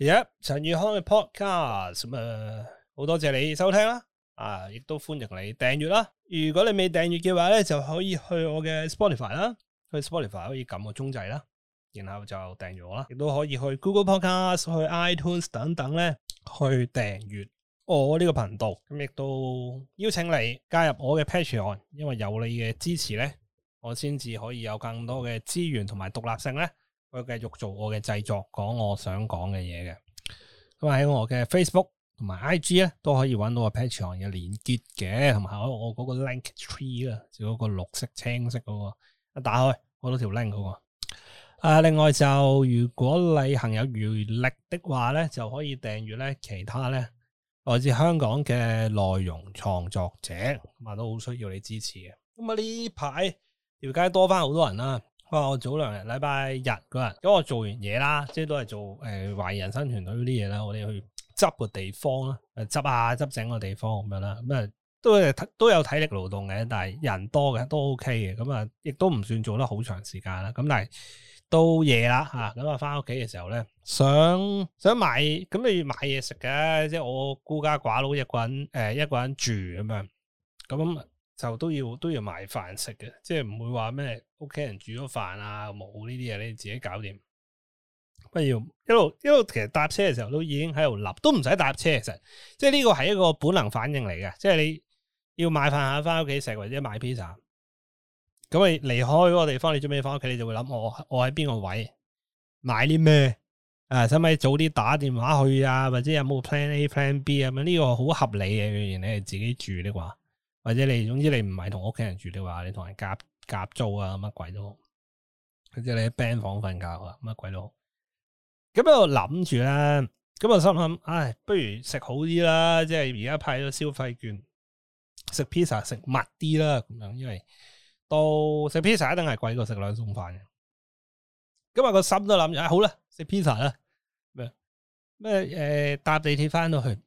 yep 陳宇康嘅 podcast 好、呃、多謝你收聽啦！啊，亦都歡迎你訂閱啦。如果你未訂閱嘅話呢，就可以去我嘅 Spotify 啦，去 Spotify 可以撳個鐘掣啦，然後就訂閱我啦。亦都可以去 Google Podcast、去 iTunes 等等咧，去訂閱我呢個頻道。咁亦都邀請你加入我嘅 Patreon，因為有你嘅支持咧，我先至可以有更多嘅資源同埋獨立性咧。我繼續做我嘅製作，講我想講嘅嘢嘅。咁喺我嘅 Facebook 同埋 IG 咧，都可以揾到個 patch 王嘅鏈接嘅，同埋我嗰個 link tree 啊，就嗰個綠色青色嗰個一打開，好多條 link 嗰個。啊，另外就如果你行有餘力的話咧，就可以訂閱咧其他咧來自香港嘅內容創作者，咁啊都好需要你支持嘅。咁啊呢排條街多翻好多人啦。哦、我早兩日禮拜日嗰日，因為我做完嘢啦，即係都係做誒、呃、懷疑人生團隊嗰啲嘢啦，我哋去執個地方啦，誒執下執整個地方咁樣啦，咁、嗯、啊都都有體力勞動嘅，但係人多嘅都 OK 嘅，咁、嗯、啊亦都唔算做得好長時間啦，咁、嗯、但係到夜啦吓，咁、嗯、啊翻屋企嘅時候咧，想想買，咁你要買嘢食嘅，即係我孤家寡佬一個人，誒、呃、一個人住咁嘛，咁、嗯。嗯就都要都要買飯食嘅，即係唔會話咩，屋企人煮咗飯啊，冇呢啲嘢，你自己搞掂。不要一路一路其實搭車嘅時候都已經喺度立，都唔使搭車時候，其實即係呢個係一個本能反應嚟嘅，即係你要買飯下翻屋企食，或者買 pizza。咁你離開嗰個地方，你準備翻屋企，你就會諗：我我喺邊個位，買啲咩？誒、啊，使唔使早啲打電話去啊？或者有冇 plan A、plan B 啊？咁、這、呢個好合理嘅，原因你係自己住呢啩。或者你總之你唔係同屋企人住的話，你同人夾夾租啊，乜鬼都好，或者你喺 band 房瞓覺啊，乜鬼都好。咁我諗住咧，咁我心諗，唉，不如食好啲啦，即係而家派咗消費券，食 pizza 食密啲啦，咁樣，因為到食 pizza 一定係貴過食兩餸飯嘅。咁啊個心都諗住，好啦，食 pizza 啦，咩咩誒搭地鐵翻到去。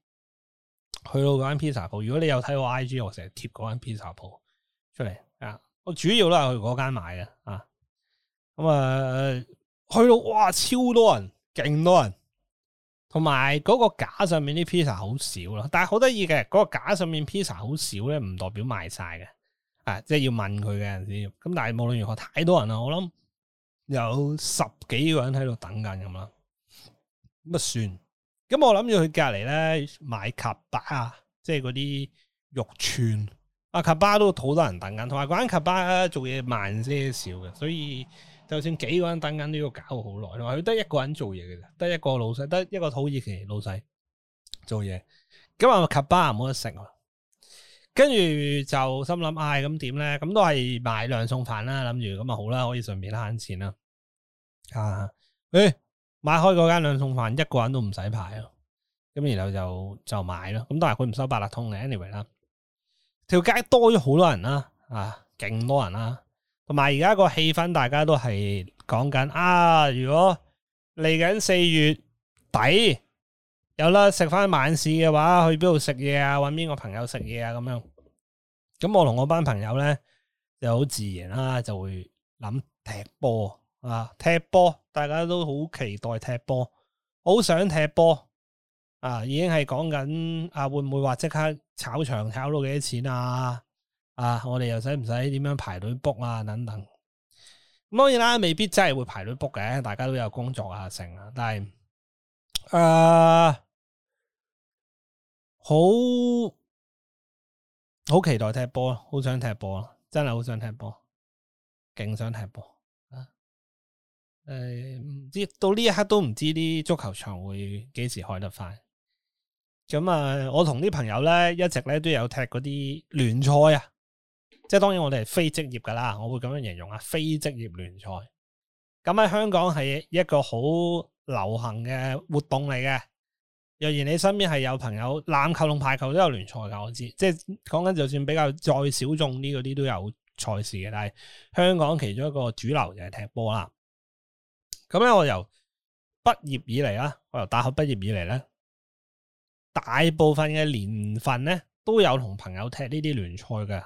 去到嗰間 pizza 鋪，如果你有睇我 IG，我成日貼嗰間 pizza 鋪出嚟啊！我主要都係去嗰間買嘅啊！咁啊，去到哇，超多人，勁多人，同埋嗰個架上面啲 pizza 好少咯。但係好得意嘅，嗰、嗰個架上面 pizza 好少咧，唔代表賣晒嘅啊！即、就、係、是、要問佢嘅先。咁、啊、但係無論如何，太多人啦，我諗有十幾個人喺度等緊咁啦，咁啊算。咁我諗住去隔籬咧買卡巴啊，即係嗰啲肉串。阿卡巴都好多人等緊，同埋嗰間卡巴做嘢慢些少嘅，所以就算幾個人等緊都要搞好耐。同埋佢得一個人做嘢嘅啫，得一個老細，得一個土耳其老細做嘢。咁啊卡巴冇得食，跟住就心諗，唉咁點咧？咁都係買兩餸飯啦，諗住咁啊好啦，可以順便慳錢啦。啊，誒、欸。買開嗰間兩餸飯，一個人都唔使排咯，咁然後就就買咯。咁但係佢唔收八達通嘅，anyway 啦。條街多咗好多人啦，啊，勁多人啦。同埋而家個氣氛大家都係講緊啊，如果嚟緊四月底有啦，食翻晚市嘅話，去邊度食嘢啊？揾邊個朋友食嘢啊？咁樣。咁我同我班朋友咧就好自然啦，啊，就會諗踢波。啊！踢波，大家都好期待踢波，好想踢波啊！已經係講緊啊，會唔會話即刻炒場炒到幾多錢啊？啊！我哋又使唔使點樣排隊 book 啊？等等。咁當然啦，未必真係會排隊 book 嘅，大家都有工作啊，成啊。但係啊，好好期待踢波，好想踢波，真係好想踢波，勁想踢波。誒、嗯，唔知到呢一刻都唔知啲足球場會幾時開得翻。咁啊，我同啲朋友咧，一直咧都有踢嗰啲聯賽啊。即係當然，我哋係非職業噶啦，我會咁樣形容啊，非職業聯賽。咁喺香港係一個好流行嘅活動嚟嘅。若然你身邊係有朋友，籃球同排球都有聯賽噶，我知。即係講緊，就算比較再小眾啲嗰啲都有賽事嘅。但係香港其中一個主流就係踢波啦。咁我由畢業以來啦，我由大學畢業以來咧，大部分嘅年份咧都有同朋友踢呢啲聯賽嘅，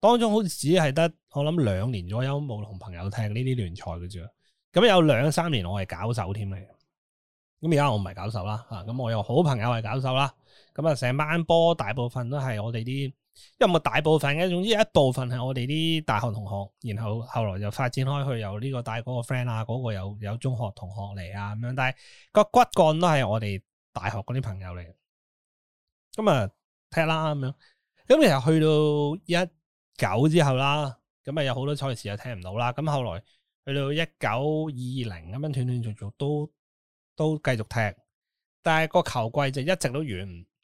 當中好似只係得我諗兩年左右冇同朋友踢呢啲聯賽嘅啫。咁有兩三年我係搞手添咧，咁而家我唔係搞手啦，吓，咁我有好朋友係搞手啦，咁啊成班波大部分都係我哋啲。因為大部分嘅，總之一部分係我哋啲大學同學，然後後來就發展開去，有呢個帶嗰個 friend 啊，嗰個有有中學同學嚟啊咁樣，但係個骨幹都係我哋大學嗰啲朋友嚟。咁啊，踢啦咁樣。咁其實去到一九之後啦，咁啊有好多賽事又踢唔到啦。咁後來去到一九二零咁樣斷斷續續，續，續都都繼續踢，但係個球季就一直都完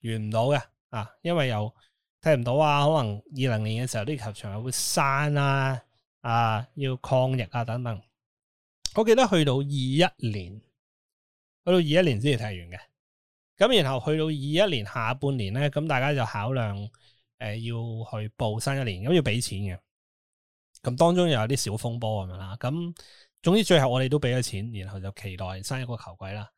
完唔到嘅啊，因為有。睇唔到啊，可能二零年嘅時候啲球場又會閂啦、啊，啊要抗疫啊等等。我記得去到二一年，去到二一年先至睇完嘅。咁然後去到二一年下半年咧，咁大家就考量，誒、呃、要去報新一年，咁要俾錢嘅。咁當中又有啲小風波咁樣啦。咁總之最後我哋都俾咗錢，然後就期待新一個球季啦。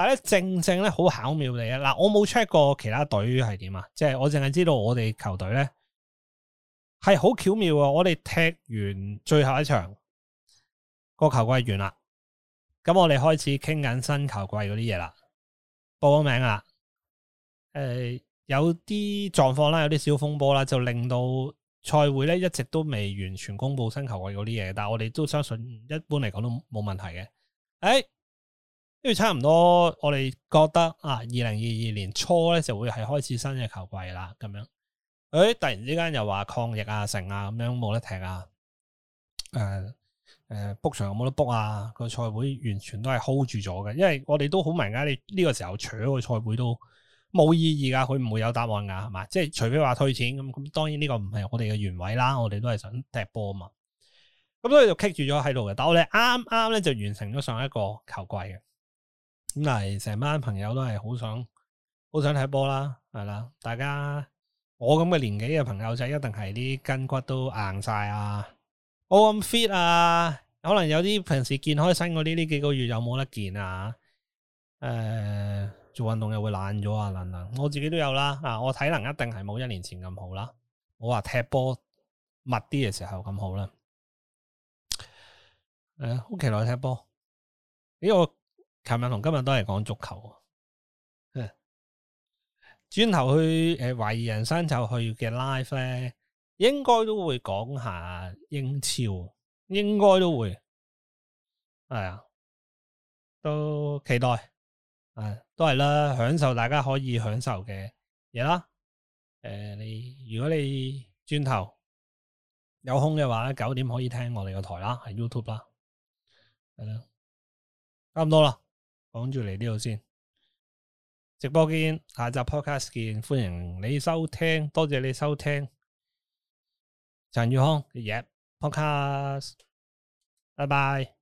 但係咧，正正咧，好巧妙嚟嘅。嗱，我冇 check 過其他隊係點啊，即係我淨係知道我哋球隊咧係好巧妙啊！我哋踢完最後一場，個球季完啦，咁我哋開始傾緊新球季嗰啲嘢啦，報咗名啦。誒，有啲狀況啦，有啲小風波啦，就令到賽會咧一直都未完全公布新球季嗰啲嘢，但係我哋都相信，一般嚟講都冇問題嘅。誒。跟住差唔多，我哋覺得啊，二零二二年初咧就會係開始新嘅球季啦。咁樣，誒、欸，突然之間又話抗疫啊、成啊，咁樣冇得踢啊。誒誒，book 場有冇得 book 啊？個賽會完全都係 hold 住咗嘅，因為我哋都好明啊，你呢個時候除咗個賽會都冇意義噶，佢唔會有答案噶，係嘛？即係除非話退錢咁，咁當然呢個唔係我哋嘅原委啦，我哋都係想踢波啊嘛。咁所以就 keep 住咗喺度嘅，但我哋啱啱咧就完成咗上一個球季嘅。咁嚟成班朋友都係好想好想踢波啦，係啦。大家我咁嘅年紀嘅朋友仔一定係啲筋骨都硬晒啊，哦、oh, 咁 fit 啊。可能有啲平時健開身嗰啲呢幾個月有冇得健啊？誒、呃，做運動又會懶咗啊，能能。我自己都有啦，啊，我體能一定係冇一年前咁好啦。我話踢波密啲嘅時候咁好啦。誒、呃，好期待踢波，因為琴日同今日都係講足球，嗯，轉頭去呃、懷疑人生就去嘅 live 咧，應該都會講下英超，應該都會係啊，都期待、啊、都係啦，享受大家可以享受嘅嘢啦。誒、呃，你如果你轉頭有空嘅話，九點可以聽我哋嘅台啦，係 YouTube 啦，係啦、啊，差唔多啦。講住嚟呢度先，直播見，下集 podcast 見，歡迎你收聽，多謝你收聽，陳宇康，嘅 yep，podcast，拜拜。